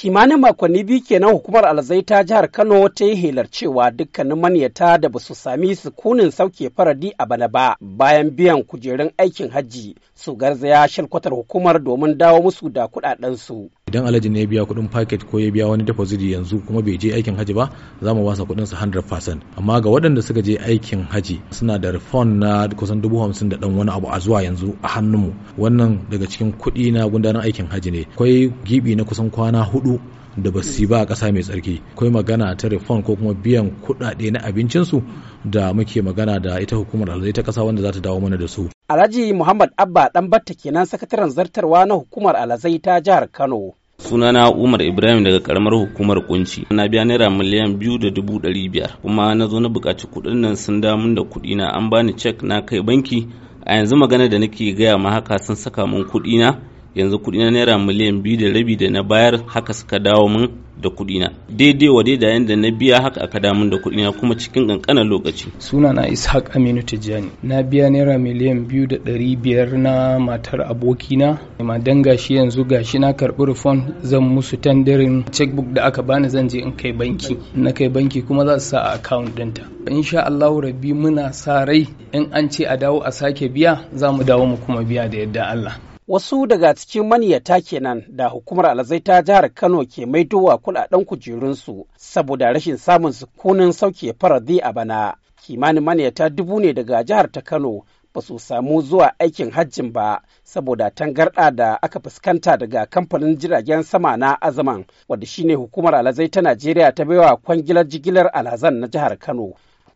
kimanin makonni biyu kenan hukumar alzai ta jihar kano ta yi helar cewa dukkanin manyata da ba su sami sukunin sauke faradi a bana ba bayan biyan kujerun aikin hajji su garzaya shalkwatar hukumar domin dawo musu da kuɗaɗensu. idan alhaji ne ya biya kuɗin paket ko ya biya wani deposit yanzu kuma bai je aikin haji ba za mu wasa kuɗinsa 100% amma ga waɗanda suka je aikin haji suna da refund na kusan dubu hamsin da ɗan wani abu a zuwa yanzu a hannunmu wannan daga cikin kuɗi na gundarin aikin haji ne akwai gibi na kusan kwana hudu da ba su ba a ƙasa mai tsarki akwai magana ta reform ko kuma biyan kuɗaɗe na abincinsu da muke magana da ita hukumar alhazai ta ƙasa wanda za ta dawo mana da su alhaji muhammad abba dan batta kenan sakataren zartarwa na hukumar alhazai ta jihar kano sunana umar ibrahim daga karamar hukumar kunci na biya naira miliyan biyu da dubu ɗari biyar kuma na zo na buƙaci kuɗin nan sun damun da kuɗi na an bani cek na kai banki a yanzu magana da nake gaya ma haka sun saka mun kuɗi na yanzu kuɗi na naira miliyan biyu da rabi da na bayar haka suka dawo min da kuɗi na daidai wa daidai yanda na biya haka aka damun da kuɗi na kuma cikin kankanin lokaci suna na ishaq aminu tijjani na biya naira miliyan biyu da ɗari biyar na matar abokina ma dan gashi yanzu gashi na karɓi rufon zan musu tandirin checkbook da aka bani zan je in kai banki na kai banki kuma za su sa a account ɗinta sha Allah rabbi muna sa rai in an ce a dawo a sake biya za mu dawo mu kuma biya da yadda Allah Wasu daga cikin maniyata kenan da hukumar alazai ta jihar Kano ke maidowa kuɗaɗen kujerunsu saboda rashin samun sukunin sauke faradi a bana. Kimanin maniyata dubu ne daga jihar ta Kano ba su samu zuwa aikin hajjin ba saboda tangarɗa da aka fuskanta daga kamfanin jiragen sama na azaman wadda shine hukumar alazai ta najeriya ta baiwa kwangilar jigilar alazan na jihar kano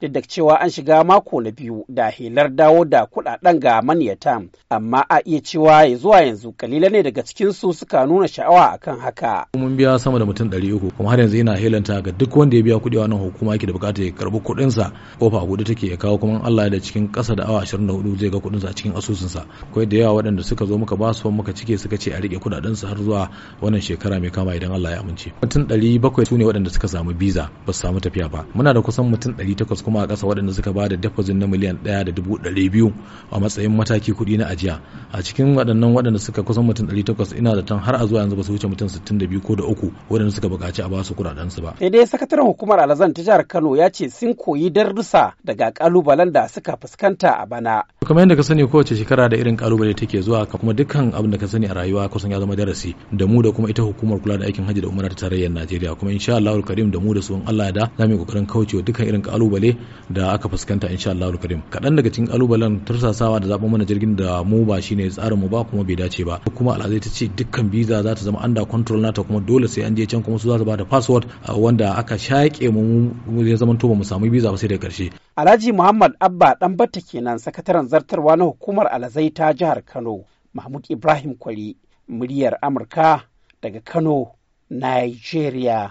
duk da cewa an shiga mako na biyu da helar dawo da kudaden ga maniyata amma a iya cewa ya zuwa yanzu kalila ne daga cikin su suka nuna sha'awa akan haka. mun biya sama da mutum ɗari uku kuma har yanzu yana helanta ga duk wanda ya biya kuɗi wannan hukuma yake da bukatar ya karɓi sa kofa a take ya kawo kuma Allah da cikin ƙasa da awa 24 zai ga kuɗinsa a cikin sa kai da yawa waɗanda suka zo muka ba su muka cike suka ce a riƙe su har zuwa wannan shekara mai kama idan Allah ya amince mutum ɗari bakwai su waɗanda suka samu biza ba su samu tafiya ba muna da kusan mutum ɗari takwas kuma a ƙasa waɗanda suka ba da deposit na miliyan ɗaya da dubu a matsayin mataki kuɗi na ajiya a cikin waɗannan waɗanda suka kusan mutum ɗari takwas ina tan har a zuwa yanzu ba su wuce mutum sittin da biyu ko da uku waɗanda suka buƙaci a ba su kuɗaɗensu ba. sai sakataren hukumar alazan ta jihar kano ya ce sun koyi darussa daga ƙalubalen da suka fuskanta a bana kamar yadda ka sani kowace shekara da irin kalubale take zuwa ka kuma dukkan abin da ka sani a rayuwa kusan ya zama darasi da mu da kuma ita hukumar kula da aikin hajji da umara ta tarayyar Najeriya kuma insha Allahu karim da mu da su Allah da za mu yi kokarin wa dukkan irin kalubale da aka fuskanta insha Allahu karim kadan daga cikin kalubalen tursasawa da zaben mana jirgin da mu ba shine tsarin mu ba kuma bai dace ba kuma al'adai ta ce dukkan visa za ta zama under control nata kuma dole sai an je can kuma su za su ba da password wanda aka shaƙe mu ya zama to ba mu samu visa ba sai da karshe Alhaji Muhammad Abba ɗan batta kenan sakataren zartarwa na hukumar alazai ta jihar Kano, Mahmud Ibrahim Kwali, muryar Amurka daga Kano, Nigeria.